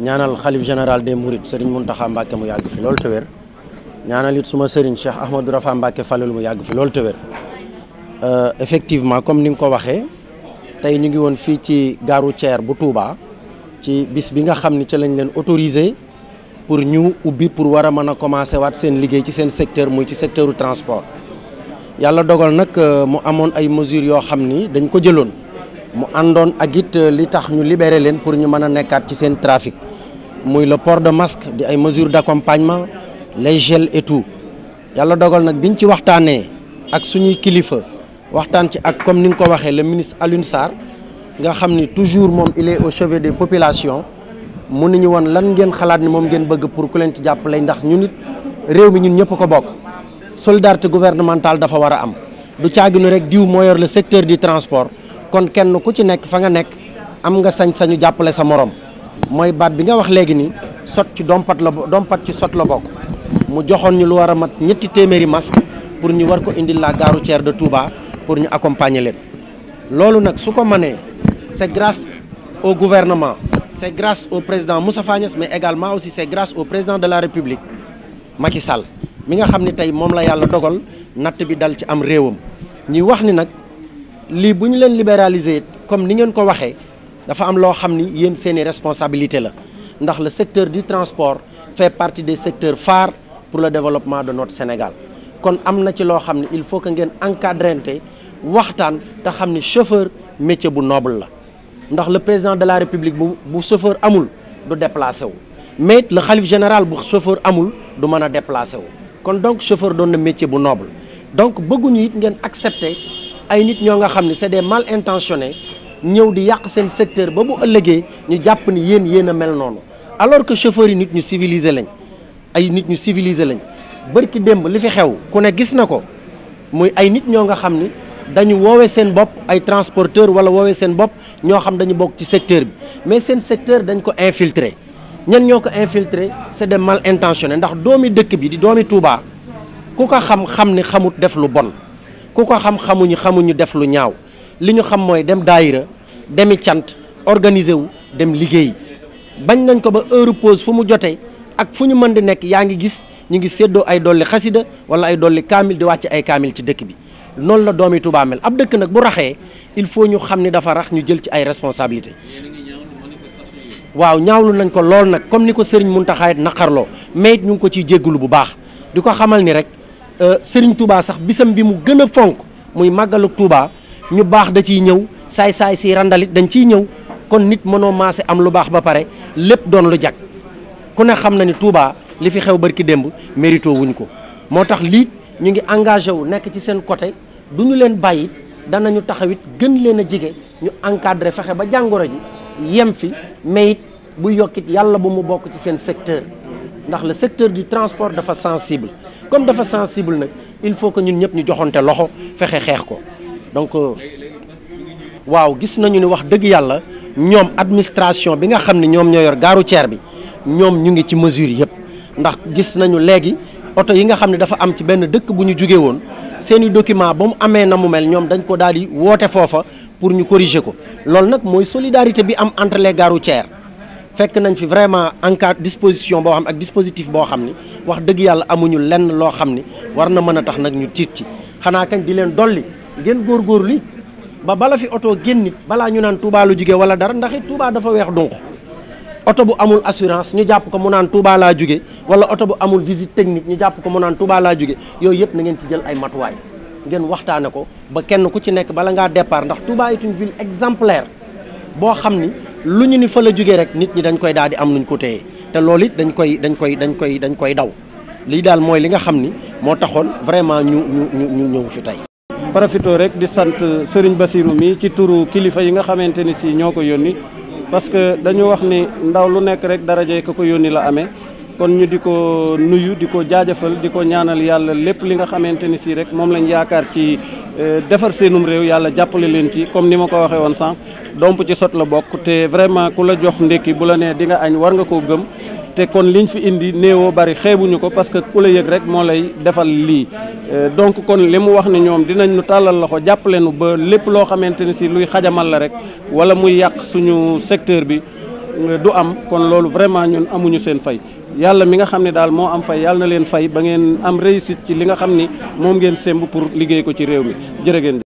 ñaanal xalif général des Mourides Serigne Mountakha Mbacké mu yàgg fi loolu te wér ñaanal it suma Serigne Cheikh Ahmadou Rafa Mbacké Falelu mu yàgg fi loolu te wér euh, effectivement comme ni nga ko waxee tey ñu ngi woon fii ci gaaru routière bu Touba ci bis bi nga xam ni ci lañ leen autorisé pour ñu ubbi pour war a mën a commencé waat seen liggéey ci seen secteur muy ci secteuru transport yàlla dogal nag euh, mu amoon ay mesures yoo xam ni dañ ko jëloon mu àndoon ak it euh, li tax ñu libéré leen pour ñu mën a nekkaat ci seen trafic muy le port de masque di ay mesures d'accompagnement les gels et tout yàlla dogal nag bi biñ ci waxtaanee ak suñuy kilifa waxtaan ci ak comme ni nga ko waxee le ministre Alioune Sarr nga xam ni toujours moom il est au chevet des populations mun nañu woon lan ngeen xalaat ni moom ngeen bëgg pour ku leen ci jàppale ndax ñu it réew mi ñun ñëpp ko bokk solidarité gouvernementale dafa war a am du caaginu rek diw moo yor le secteur du transport kon kenn ku ci nekk fa nga nekk am nga sañ-sañu jàppale sa morom. mooy baat bi nga wax léegi ni sot ci dompat la dompat ci sot la bokk mu joxoon ñu lu war a mat ñetti téeméeri masque pour ñu war ko indil la gare routière de Touba pour ñu accompagner leen loolu nag su ko mënee c'est grâce au gouvernement c'est grâce au président Moustapha Niasse mais également aussi c'est grace au président de la République Macky Sall mi nga xam ni tey moom la yàlla dogal natt bi dal ci am réewam ñuy wax ni nag lii bu ñu leen libéraliser comme ni ngeen ko waxee dafa am loo xam ni yéen seeni responsabilité la ndax le secteur du transport fait partie des secteurs phares pour le développement de notre Sénégal kon am na ci loo xam ne il faut que ngeen encadrante waxtaan te xam ni chauffeur métier bu noble la ndax le président de la république bu bu chauffeur amul du déplacé wu mais la xalif général bu chauffeur amul du mën a déplacé wu kon donc chauffeur doon na métier bu noble donc bëgguñu it ngeen accepter ay nit ñoo nga xam ne c'est des mal intentionnés ñëw di yàq seen secteur ba bu ëllëgee ñu jàpp ni yéen yéen a mel noonu alors que chauffeurs yi nit ñu civilisé lañ ay nit ñu civilisé lañ bërki démb li fi xew ku ne gis na ko muy ay nit ñoo nga xam ni dañu woowe seen bopp ay transporteur wala woowee seen bopp ñoo xam dañu bokk ci secteur bi mais seen secteur dañ ko infiltré ñan ñoo ko infiltre c'est des mal intentionnés ndax doomi dëkk bi di doomi Touba ku ko xam xam ni xamut def lu bon ku ko xam xamuñu xamuñu def lu ñaaw li ñu xam mooy dem daayira demi cant organiser wu dem liggéey bañ nañ ko ba heure pause fu mu jotee ak fu ñu mën di nekk yaa ngi gis ñu ngi séddoo ay dolli xasida wala ay dolli kaamil di wàcc ay kaamil ci dëkk bi noonu la doomi Tuubaa mel ab dëkk nag bu raxee il faut ñu xam ni dafa rax ñu jël ci ay responsabilité waaw ñaawlu nañ ko lool nag comme ni ko sëriñ Muntaxa naqarloo mais it ñu ngi ko ciy jéggulu bu baax di ko xamal ni rek euh, sëriñ Touba sax bisam bi mu gën a fonk muy màggalu Touba ñu baax da ciy ñëw saay-saay si randalit dañ ciy ñëw kon nit mënoo maase am lu baax ba pare lépp doon lu jag ku ne xam na ni Touba li fi xew barki démb mérito wuñ ko moo tax lii ñu ngi engagé wu nekk ci seen côté du ñu leen bàyyi danañu taxawit gën leen a jige ñu encadré fexe ba jàngoro ji yem fi mais it bu yokkit yàlla bu mu bokk ci seen secteur ndax le secteur du transport dafa sensible comme dafa sensible nag il faut que ñun ñëpp ñu joxonte loxo fexe xeex ko donc euh, waaw gis nañu ni wax dëgg yàlla ñoom administration bi nga xam ne ñoom ñoo yor gaaru ceer bi ñoom ñu ngi ci mesure yëpp ndax gis nañu léegi oto yi nga xam ne dafa am ci benn dëkk bu ñu jugee woon seen document ba mu amee na mu mel ñoom dañ ko daal di woote foofa pour ñu corriger ko loolu nag mooy solidarité bi am entre les gares routières fekk nañ fi vraiment en disposition boo xam ak dispositif boo xam ni wax dëgg yàlla amuñu lenn loo xam ni war na mën a tax nag ñu tiit ci xanaa kañ di leen dolli góor góor li ba bala fi oto génn nit balaa ñu naan Touba lu jóge wala dara ndax it dafa weex donc oto bu amul assurance ñu jàpp ko mu naan Touba laa jóge wala oto bu amul visite technique ñu jàpp ko mu naan Touba laa jóge yooyu yëpp na ngeen ci jël ay matuwaay ngeen waxtaane ko ba kenn ku ci nekk bala ngaa départ ndax Touba est une ville exemplaire boo xam ni lu ñu ni fa la jóge rek nit ñi dañ koy daal di am nuñ ko téye te loolu it dañ koy dañ koy dañ koy dañ koy daw lii daal mooy li nga xam ni moo taxoon vraiment ñu ñu ñu ñëw fi tey profito rek di sant Serigne Bassirou mi ci turu kilifa yi nga xamante ni sii ñoo ko yónni parce que dañu wax ni ndaw lu nekk rek daraje ka ko yónni la amee kon ñu di ko nuyu di ko jaajëfal di ko ñaanal yàlla lépp li nga xamante ni sii rek moom lañ yaakaar ci euh, defar seenum réew yàlla jàppale leen ci comme ni ma ko waxee woon sànq domp ci sot la bokk te vraiment ku la jox ndékki bu la nee di nga añ war nga koo gëm te kon liñ fi indi néewoo bari xeebuñu ko parce que ku la yëg rek moo lay defal lii euh, donc kon li mu wax ni ñoom dinañ nu tàllal loxo jàpp leenu ba lépp loo xamante ni si luy xajamal la rek wala muy yàq suñu secteur bi euh, du am kon loolu vraiment ñun amuñu seen fay yàlla mi nga xam ne daal moo am fay yàlla na leen fay ba ngeen am réussite ci li nga xam ni moom ngeen sémb pour liggéey ko ci réew mi jërë ngeen